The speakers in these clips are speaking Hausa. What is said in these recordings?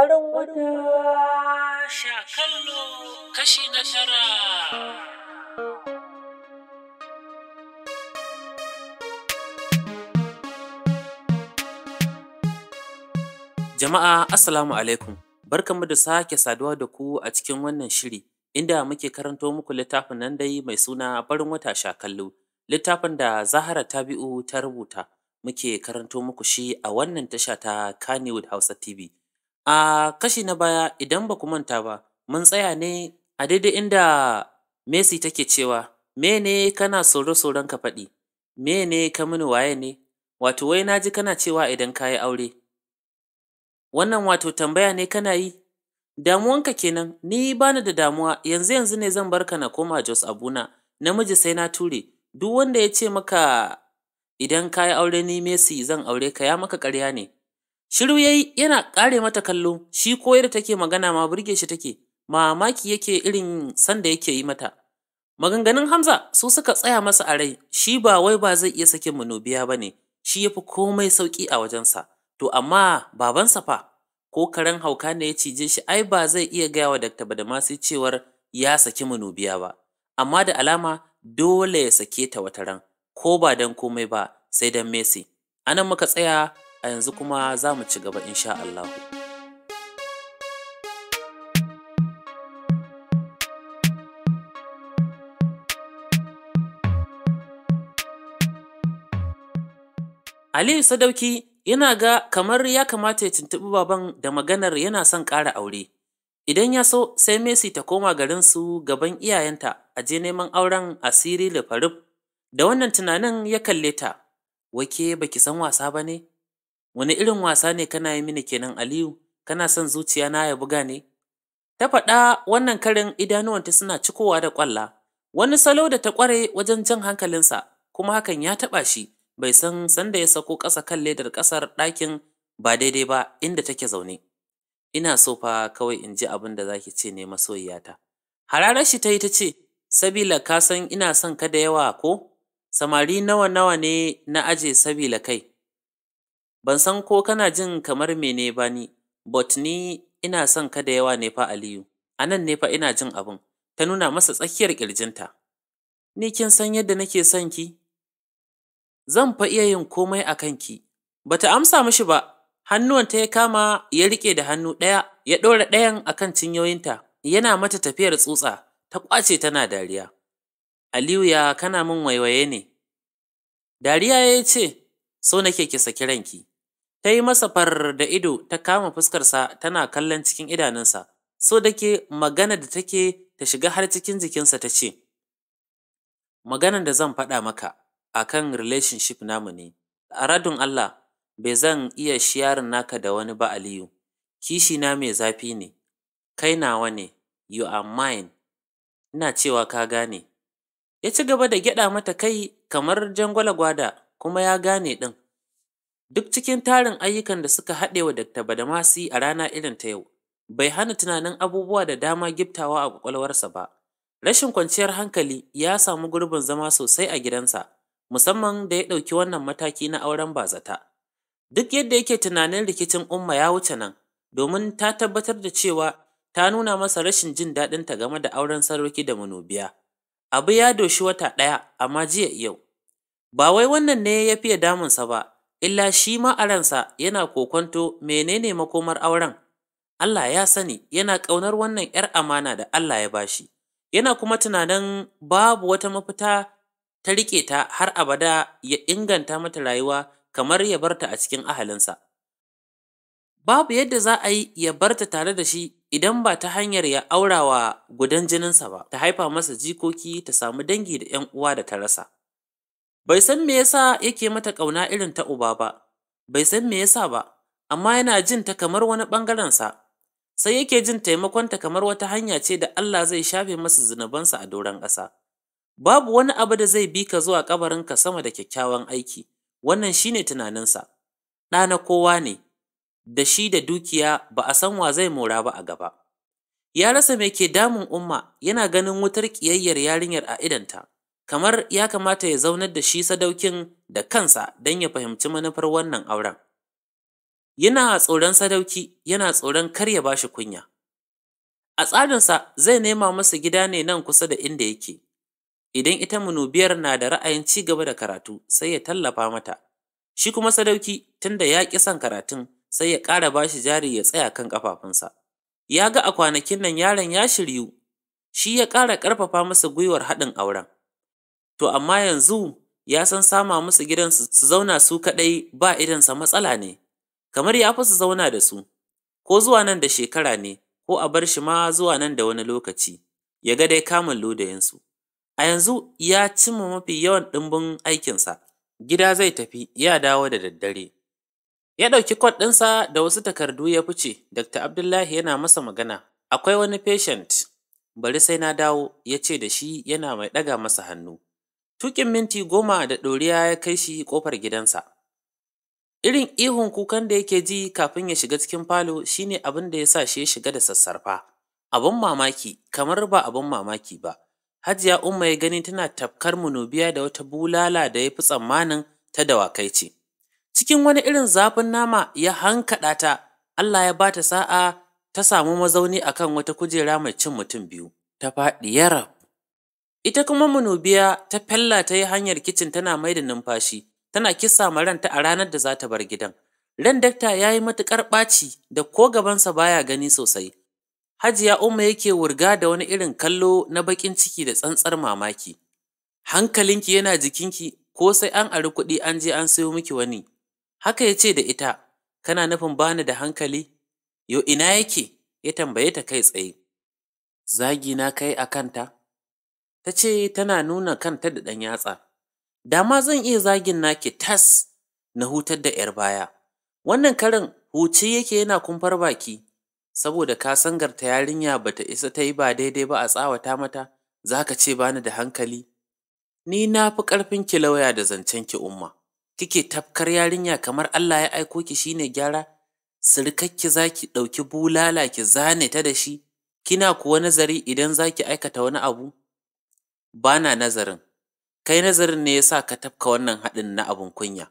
farin wata sha kashi na tara. Jama'a Assalamu alaikum, barkanmu da sake saduwa da ku a cikin wannan shiri inda muke karanto muku littafin nan dai mai suna barin wata sha kallo, littafin da Zahara Tabi'u ta rubuta muke karanto muku shi a wannan tasha ta Kannywood Hausa TV. A kashi na baya idan ba ku manta ba, mun tsaya ne a daidai inda Messi take cewa, mene kana tsoron ka faɗi, mene ka mini waye ne, wato wai na ji kana cewa idan ka yi aure. Wannan wato tambaya ne kana yi, damuwanka kenan, ni ba ni da damuwa, yanzu yanzu ne zan barka na koma Jos Abuna, namiji sai na ture, duk wanda ya ce maka idan ka yi aure ni Messi zan aure ka ya maka ƙarya ne. Shiru ya yi yana ƙare mata kallo, shi ko koyar take magana ma burge shi take, mamaki yake irin sanda yake yi mata. Maganganun Hamza su suka tsaya masa a rai, shi ba wai ba zai iya sake munubiya ba ne, shi ya fi komai sauƙi a wajensa, to amma babansa fa, ko karen hauka ne ya cije shi ai ba zai iya gaya wa Dakta Badamasi cewar ya saki munubiya ba, amma da alama dole ya sake ta wata ko ba don komai ba sai don Messi. Anan muka tsaya a yanzu kuma za mu ci gaba insha Allahu. Aliyu Sadauki yana ga kamar ya kamata ya tuntuɓi baban da maganar yana son ƙara aure. Idan ya so sai Messi ta koma garinsu gaban iyayenta a je neman auren asiri Lefarif. Da wannan tunanin ya kalle ta, wake baki san wasa ba ne? Wani irin wasa ne kana yi mini kenan Aliyu, kana son zuciya na ya buga ne? Ta faɗa wannan karin idanuwanta suna cikowa da ƙwalla, wani salo da ta ƙware wajen jan hankalinsa, kuma hakan ya taɓa shi, bai san sanda ya sako ƙasa kan ledar ƙasar ɗakin ba daidai ba inda take zaune. Ina so fa kawai in ji abin da zaki ce ne masoyiyata. Hararar shi ta yi ta ce, Sabila ka san ina son ka da yawa ko? Samari nawa nawa ne na aje sabila kai, Ban san ko kana jin kamar mene ba ni, but ni ina son ka da yawa ne fa Aliyu, a nan ne fa ina jin abin, ta nuna masa tsakiyar ƙirjinta. Ni kin san yadda nake son ki? Zan fa iya yin komai a kanki. Ba ta amsa mishi ba, ta ya kama ya riƙe da hannu ɗaya, ya ɗora ɗayan a kan cinyoyinta, yana mata tafiyar tsutsa, ta ƙwace tana dariya. Aliyu ya kana min waiwaye ne. Dariya ya ce, so nake ki saki ranki. Ta yi masa farar da ido ta kama fuskarsa tana kallon cikin idanunsa, so da ke magana da take ta shiga har cikin jikinsa ta ce, Maganar da zan faɗa maka a kan relationship namu ne, a Allah bai zan iya shiyarin naka da wani ba Aliyu, kishina mai zafi ne, kai nawa ne, you are mine, ina cewa ka gane. Ya ci gaba da gyaɗa mata kai kamar jangwala gwada kuma ya gane ɗin. Duk cikin tarin ayyukan da suka haɗe wa Dr. Badamasi a rana irin ta yau, bai hana tunanin abubuwa da dama giftawa a kwakwalwarsa ba. Rashin kwanciyar hankali ya samu gurbin zama sosai a gidansa, musamman da ya ɗauki wannan mataki na auren bazata. Duk yadda yake tunanin rikicin Umma ya wuce nan, domin ta tabbatar da cewa ta nuna masa rashin jin daɗin ta game da auren sarauki da manubiya. Abu ya doshi wata ɗaya, amma jiya yau. Ba wai wannan ne ya fiye damunsa ba, illa shi ma a ransa yana kokwanto menene makomar auren. Allah ya sani yana ƙaunar wannan ‘yar amana da Allah ya bashi, yana kuma tunanin babu wata mafita ta riƙe ta har abada ya inganta mata rayuwa kamar ya barta a cikin ahalinsa. Babu yadda za a yi ya barta tare da shi idan ba ta hanyar ya aura wa gudan jininsa ba, ta haifa masa jikoki ta samu dangi da ‘yan uwa da ta rasa. Bai san me yasa yake mata ƙauna irin ta uba ba, bai san me yasa ba, amma yana jin ta kamar wani sa sai yake jin taimakon ta kamar wata hanya ce da Allah zai shafe masa zunubansa a doron ƙasa. Babu wani abu da zai bi ka zuwa ka sama da kyakkyawan aiki, wannan shine ne tunaninsa. Ɗa na kowa ne, da shi da dukiya ba a san wa zai mora ba a gaba. Ya rasa me ke damun umma yana ganin wutar ƙiyayyar yarinyar a idanta. kamar ya kamata ya zaunar da shi sadaukin da kansa don ya fahimci manufar wannan auren. Yana tsoron sadauki, yana tsoron kar ya ba shi kunya. A tsarinsa zai nema masa gida ne nan kusa da inda yake. Idan ita munubiyar na da ra'ayin ci gaba da karatu, sai ya tallafa mata. Shi kuma sadauki, tunda ya ƙi son karatun, sai ya ƙara ba shi jari ya tsaya kan ƙafafunsa. Ya ga a kwanakin nan yaron ya shiryu, shi ya ƙara ƙarfafa masa gwiwar haɗin auren. To amma yanzu ya san sama musu gidan su zauna su kaɗai ba irinsa matsala ne, kamar ya fi su zauna da su, ko zuwa nan da shekara ne ko a bar shi ma zuwa nan da wani lokaci, ya ga dai kamun lodayensu. A yanzu ya cimma mafi yawan ɗimbin aikinsa, gida zai tafi ya dawo da daddare. Ya ɗauki kwat ɗinsa da wasu takardu ya fice, Dr. Abdullahi yana masa magana, akwai wani patient, bari sai na dawo, ya ce da shi yana mai ɗaga masa hannu. Tukin minti goma da ɗoriya ya kai shi ƙofar gidansa. Irin ihun kukan da yake ji kafin ya shiga cikin falo shine abin da ya sa shi ya shiga da sassarfa. Abin mamaki, kamar ba abin mamaki ba. Hajiya Umma ya gani tana tafkar munubiya da wata bulala da ya fi tsammanin ta dawakai ce. Cikin wani irin zafin nama ya hankaɗa ta, Allah ya bata sa'a ta samu mazauni akan wata kujera mai cin mutum biyu, ta faɗi yarab. Ita kuma Munubiya ta fella ta yi hanyar kicin tana mai da numfashi, tana kisa ma ranta a ranar da za ta bar gidan. Ran dakta ya yi matuƙar ɓaci da ko gabansa baya gani sosai. Hajiya Umma yake wurga da wani irin kallo na baƙin ciki da tsantsar mamaki. Hankalinki yana jikinki ko sai an ari kuɗi an je an sayo miki wani. Haka ya ce da ita, kana nufin bani da hankali? Yo ina yake? Ya tambaye ta kai tsaye. Zagina kai a kanta? ta ce tana nuna kanta da ɗan yatsa. Da ma zan iya zagin naki tas na hutar da ‘yar baya. Wannan karin huci yake yana kumfar baki, saboda ka sangarta yarinya ba ta isa ta yi ba daidai ba a tsawata mata, za ka ce bani da hankali. Ni na fi ƙarfin ki lauya da zancen ki umma. Kike tafkar yarinya kamar Allah ya aiko ki shine gyara, sirkakki za ki ɗauki bulala ki zane ta da shi, kina kuwa nazari idan za ki aikata wani abu. Ba na nazarin, kai nazarin ne ya sa ka tafka wannan haɗin na abin kunya,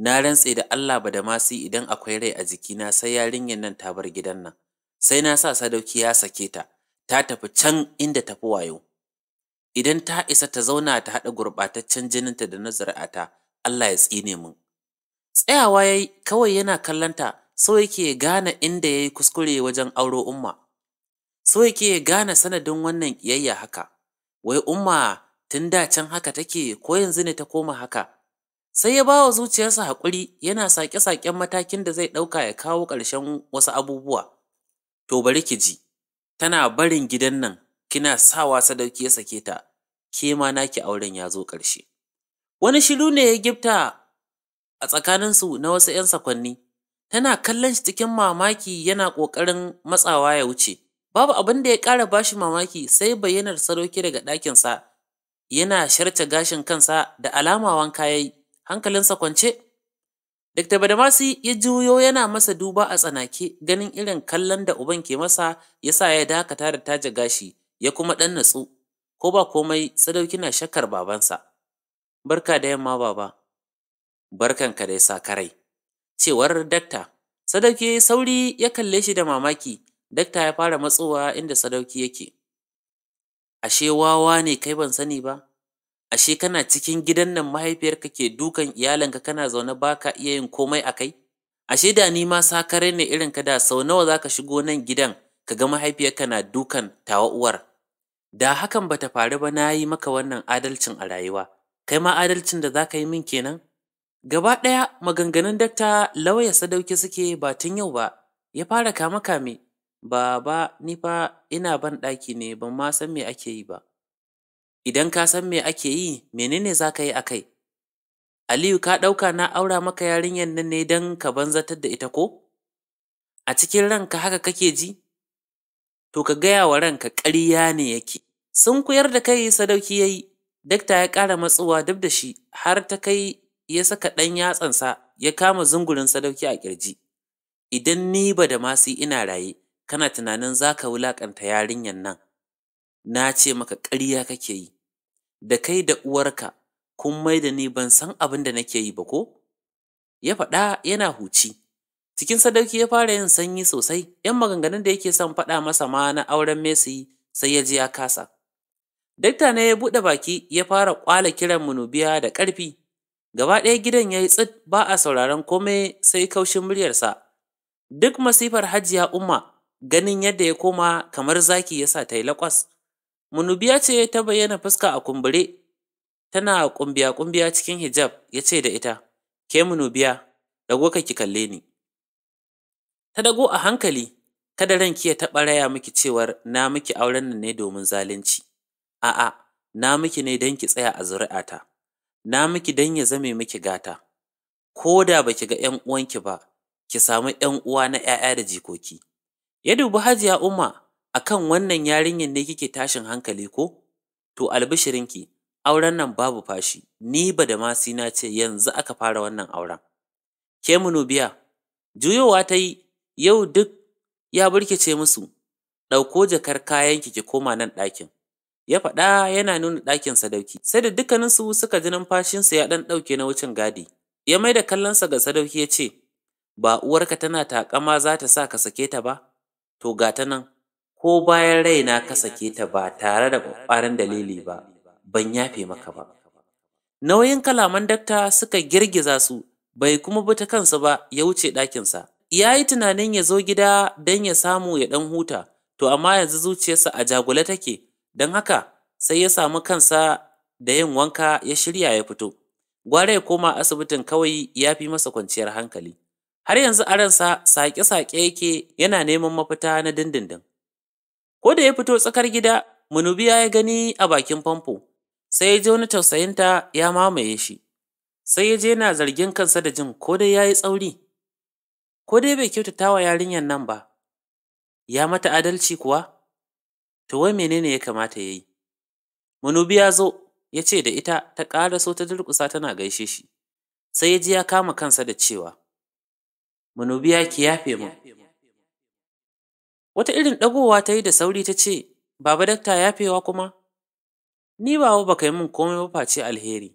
na rantse da Allah ba da Badamasi idan akwai rai a jikina sai yarinyar nan ta bar gidan nan, sai na sa Sadauki ya sake ta, ta tafi can inda tafi wayo. Idan ta isa ta zauna ta haɗa gurɓataccen jininta da na zuri'ata, Allah ya tsine min. Tsayawa ya yi kawai yana kallonta, so yake ya gane inda ya yi kuskure wajen auro Umma, so yake ya gane sanadin wannan ƙiyayya haka. wai umma tun da can haka take ko yanzu ne ta koma haka sai ya bawa zuciyarsa haƙuri yana saƙe-saƙen matakin da zai ɗauka ya kawo ƙarshen wasu abubuwa to bari ki ji tana barin gidan nan kina sawa sadauki ya sake ta ke ma naki auren ya zo ƙarshe wani shiru ne ya gifta a tsakaninsu na wasu 'yan sakwanni tana kallon shi cikin mamaki yana ƙoƙarin matsawa ya wuce Babu abin da ya ƙara bashi mamaki sai bayyanar sadauki daga ɗakinsa, yana sharce gashin kansa da alama wanka ya hankalinsa kwance. Dr. Badamasi ya juyo yana masa duba a tsanake ganin irin kallon da uban ke masa ya sa ya dakata da taje gashi ya kuma ɗan natsu, ko ba komai sadauki na shakar babansa. Barka da yamma baba. Barkan ka dai sa karai. Cewar dakta, sadauki sauri ya kalle shi da mamaki, Dakta ya fara matsowa inda sadauki yake. Ashe wawa ne kai ban sani ba? Ashe kana cikin gidan nan mahaifiyarka ke dukan iyalanka kana zaune ba ka iya yin komai a kai? Ashe da ni ma sakare ne irin ka da sau nawa za ka shigo nan gidan ka ga mahaifiyarka na dukan tawa uwar. Da hakan ba ta faru ba na yi maka wannan adalcin a rayuwa. Kai ma adalcin da za ka yi min kenan? Gaba ɗaya maganganun dakta lauya sadauki suke ba tun yau ba, ya fara kame-kame Baba ni fa ina banɗaki ne ban ma san me ake yi ba. Idan ka san me ake yi, menene za ka yi a kai? Aliyu ka ɗauka na aura maka yarinyar nan ne don ka banzatar da ita ko? A cikin ranka haka kake ji? To ka gaya wa ranka ƙarya ne yake. Sun kuyar da kai sadauki ya yi, dakta ya ƙara matsuwa duk da shi har ta kai ya saka ɗan yatsansa ya kama zungurin sadauki a ƙirji. Idan ni ba da masi ina raye, kana tunanin za ka wulaƙanta yarinyar nan, na ce maka ƙarya kake yi, da kai da uwarka kun mai da ni ban san abin da nake yi ba ko? Ya faɗa yana huci. Cikin sadauki ya fara yin sanyi sosai, ‘yan maganganun da yake son faɗa masa ma na auren mesi sai ya ji ya kasa. Dakta ne ya buɗe baki ya fara ƙwala kiran munubiya da ƙarfi. Gaba ɗaya gidan ya yi tsit ba a sauraron komai sai kaushin muryarsa. Duk masifar hajiya umma ganin yadda ya koma kamar zaki ya sa ta yi laƙwas. Munubiya ce ta bayyana fuska a kumbure, tana ƙumbiya-ƙumbiya cikin hijab ya ce da ita, Ke Munubiya, dago ka ki kalle ni. Ta dago a hankali, kada ranki ya taɓa raya miki cewar na miki auren nan ne domin zalunci. A'a, na miki ne don ki tsaya a zuri'ata, na miki don ya zame miki gata, ko da ba ki ga ‘yan uwanki ba, ki samu ‘yan uwa na ‘ya'ya da jikoki. Ya dubi Hajiya Umma a kan wannan yarinyar ne kike tashin hankali ko? To albishirinki, auren nan babu fashi, ni ba da na ce yanzu aka fara wannan auren. Ke biya. juyowa ta yi yau duk ya burkice musu, ɗauko jakar kayanki ki koma nan ɗakin. Ya faɗa yana nuna ɗakin sadauki, sai da dukkaninsu suka ji numfashinsu ya ɗan ɗauke na wucin gadi. Ya mai da kallonsa ga sadauki ya ce, Ba uwarka tana taƙama za ta sa ka sake ta ba? to ga ta nan ko bayan raina ka sake ta ba tare da ƙwaƙwaran dalili ba ban yafe maka ba nauyin kalaman dakta suka girgiza su bai kuma bi ta kansa ba ya wuce ɗakinsa ya yi tunanin ya zo gida don ya samu ya ɗan huta to amma yanzu zuciyarsa a jagule take don haka sai ya samu kansa da yin wanka ya shirya ya fito gwara ya koma asibitin kawai ya fi masa kwanciyar hankali har yanzu a sa saƙe-saƙe yake yana neman mafita na dindindin. Ko da ya fito tsakar gida, Munubiya ya gani a bakin famfo, sai ya je wani tausayinta ya mamaye shi, sai ya je yana zargin kansa da jin ko dai ya yi tsauri, ko dai bai kyautata wa yarinyar nan ba, ya mata adalci kuwa? To wai menene ya kamata ya yi? Munubiya zo ya ce da ita ta ƙara so ta durƙusa tana gaishe shi, sai ya ji ya kama kansa da cewa, manubiya ki yafe min. Wata irin ɗagowa ta yi da sauri ta ce, Baba dakta yafewa kuma? Ni ba baka yi min komai ba face alheri.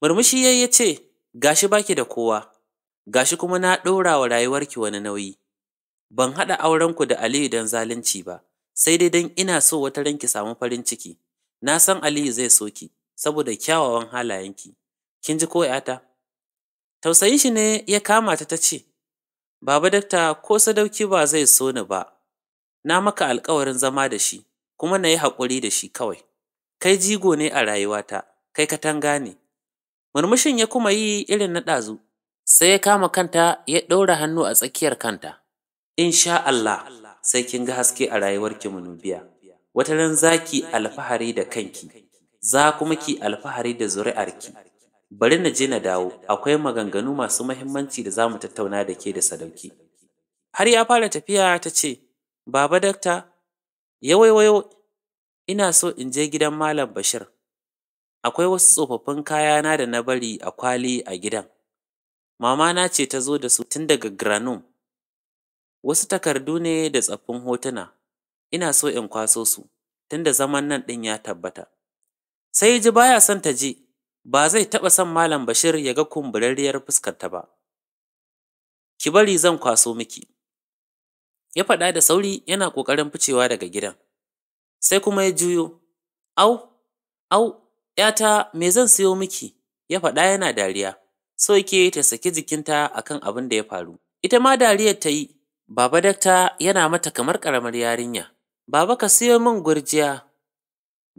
Murmushi yayi ya ce, Gashi baki da kowa, gashi kuma na ɗora wa rayuwarki wani nauyi. Ban haɗa aurenku da Aliyu don zalunci ba, sai dai don ina so wata ranki samu farin ciki. Na san Aliyu zai so ki, saboda kyawawan halayenki. Kin ji ko ‘yata? Tausayin shi ne ya kama ta ta ce, Baba dakta ko sadauki ba zai so ni ba, na maka alkawarin zama da shi, kuma na yi haƙuri da shi kawai. Kai jigo ne a rayuwata, kai katanga ne. Murmushin ya kuma yi irin na ɗazu, sai ya kama kanta ya ɗaura hannu a tsakiyar kanta. Insha Allah, sai kin ga haske a rayuwarki munubiya. Wata ran za alfahari da kanki, za kuma ki alfahari da zuri'arki. Bari na je na dawo, akwai maganganu masu mahimmanci da za mu tattauna da ke da sadauki. Har ya fara tafiya ta ce, Baba dakta, ya waiwayo, ina so in je gidan Malam Bashir. Akwai wasu tsofaffin kayana da na bari a kwali a gidan. Mamana ce ta zo da su tun daga Granum. Wasu takardu ne da tsaffin hotuna, ina so in kwaso su, tun da zaman nan ɗin ya tabbata. Sai ji baya son ta je. Ba zai taɓa son Malam Bashir ya ga kumburarriyar fuskarta ba. Ki bari zan kwaso miki. Ya faɗa da sauri yana ƙoƙarin ficewa daga gidan. Sai kuma ya juyo, Au, au, ‘yata, me zan siyo miki? Ya faɗa yana dariya, so yake ta saki jikinta a kan abin da ya faru. Ita ma dariyar ta yi, Baba Dakta yana mata kamar ƙaramar yarinya. Baba ka siyo min gurjiya.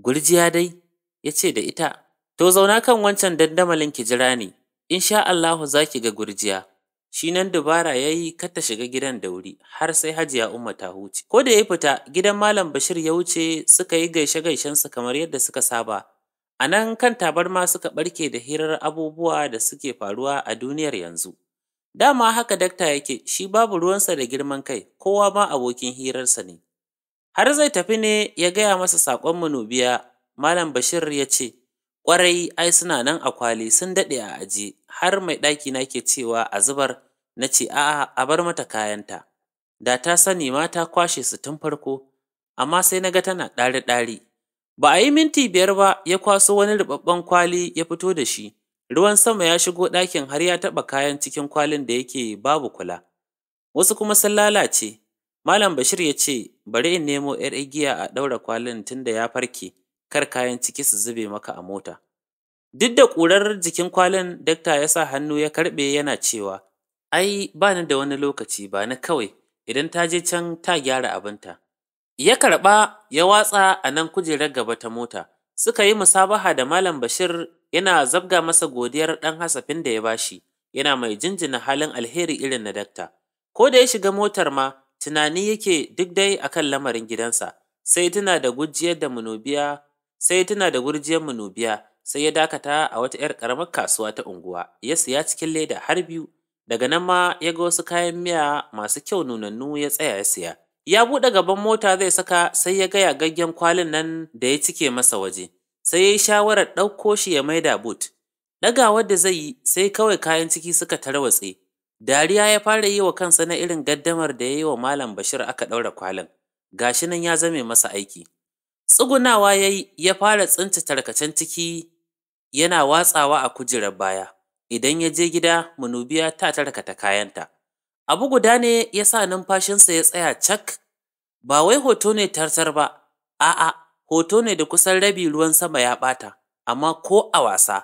Gurjiya dai, ya ce da ita, To zauna kan wancan dandamalin ki jira ni, in sha Allahu za ki ga gurjiya. Shi nan dubara ya yi kar ta shiga gidan da wuri har sai Hajiya Umma ta huce. Ko da ya fita gidan Malam Bashir ya wuce suka yi gaishe-gaishensu kamar yadda suka saba. A nan kan tabarma suka ɓarke da hirar abubuwa da suke faruwa a duniyar yanzu. Dama haka dakta yake shi babu ruwansa da girman kai kowa ma abokin hirarsa ne. Har zai tafi ne ya gaya masa saƙon manubiya Malam Bashir ya ce, Ƙwarai ai suna nan a kwali sun daɗe a aji har mai ɗakina ke cewa a zubar, na ce a'a a bar mata kayanta, da ta sani ma ta kwashe su tun farko, amma sai na ga tana ɗari-ɗari. Ba a yi minti biyar ba ya kwaso wani ruɓaɓɓen kwali ya fito da shi, ruwan sama ya shigo ɗakin har ya taɓa kayan cikin kwalin da yake babu kula. Wasu kuma sun lalace, Malam Bashir ya ce bari in nemo ‘yar igiya a ɗaura kwalin tun da ya farke. kar kayan ciki su zube maka a mota. Duk da ƙurar jikin kwalin dakta ya sa hannu ya karɓe yana cewa, Ai, ba ni da wani lokaci ba ni kawai, idan ta je can ta gyara abinta. Ya karɓa ya watsa a nan kujerar gaba ta mota, suka yi musabaha da Malam Bashir yana zabga masa godiyar ɗan hasafin da ya bashi, yana mai jinjina halin alheri irin na dakta. Ko da ya shiga motar ma, tunani yake duk dai akan lamarin gidansa, sai tuna da gujiyar da munubiya. Sai tuna da gurjiyar Nubiya, sai ya dakata a wata 'yar ƙaramar kasuwa ta unguwa, ya siya cikin leda har biyu. Daga nan ma ya ga wasu kayan miya masu kyau nunannu ya tsaya ya siya. Ya buɗe gaban mota zai saka sai ya gaya gaggen kwalin nan da ya cike masa waje. Sai ya yi shawarar ɗauko shi ya maida but. Ɗagawar da zai yi sai kawai kayan ciki suka tarwatse. Dariya ya fara yi wa kansa na irin gaddamar da ya yi wa Malam Bashir aka ɗaura kwalin. Gashi nan ya zame masa aiki. Tsugunawa ya yi ya fara tsince tarkacen ciki yana watsawa a kujerar baya, idan ya je gida manubiya ta tarkata kayanta. Abu guda ne ya sa numfashinsa ya tsaya cak, ba wai hoto ne tartar ba, a'a, hoto ne da kusan rabi ruwan sama ya ɓata, amma ko a wasa,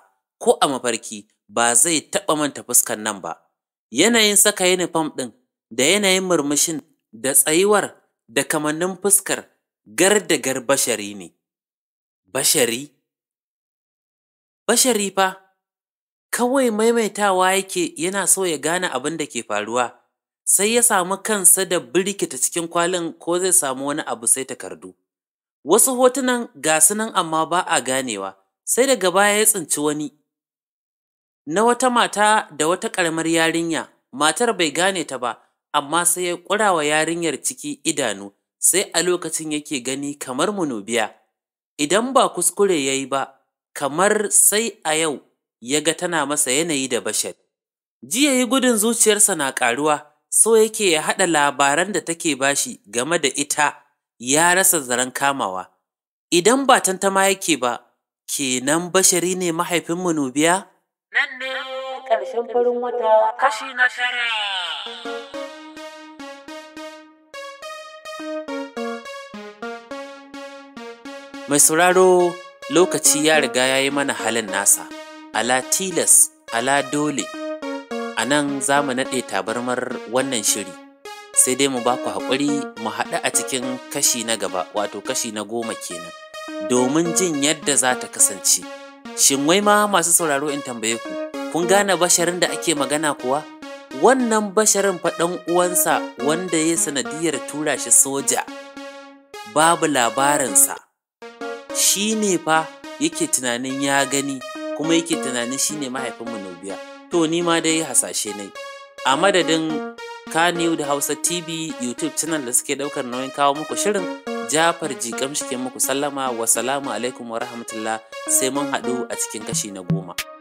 ko a mafarki, ba zai taɓa manta fuskan nan ba. Yanayin saka yinifom ɗin, da yanayin murmushin, da tsayuwar, da kamannin fuskar, Gar da gar bashari ne, bashari? Bashari fa, kawai maimaitawa yake yana so ya gane abin da ke faruwa, sai ya samu kansa da birkita cikin kwalin ko zai samu wani abu sai takardu. Wasu hotunan ga su amma ba a ganewa, sai daga baya ya tsinci wani. Na wata mata da wata ƙaramar yarinya, matar bai gane ta ba, amma sai ya ƙura wa yarinyar ciki idanu, sai a lokacin yake gani kamar munubiya, idan ba kuskure ya yi ba, kamar sai a yau ya ga tana masa yanayi da bashar. Jiya yi gudun zuciyarsa na ƙaruwa, so yake ya haɗa labaran da take bashi game da ita ya rasa zaren kamawa. Idan ba tantama yake ba, kenan bashari ne mahaifin munubiya? Nan ne ƙarshen farin wata kashi na tare. Mai sauraro lokaci ya riga ya yi mana halin nasa, ala tilas, ala dole, a nan za mu naɗe tabarmar wannan shiri, sai dai mu baku haƙuri mu haɗu a cikin kashi na gaba, wato kashi na goma kenan, domin jin yadda za ta kasance. Shin wai ma masu sauraro in tambaye ku, kun gane basharin da ake magana kuwa? Wannan basharin faɗan uwansa wanda ya sanadiyar tura shi soja, babu labarinsa. shi ne fa yake tunanin ya gani kuma yake tunanin shi ne mahaifinmu na biya, To ni ma dai hasashe ne. A madadin new da Hausa TV YouTube channel da suke daukar nauyin kawo muku shirin Jafar Jikam shi ke muku sallama wa salamu alaikum wa rahmatullah sai mun haɗu a cikin kashi na goma.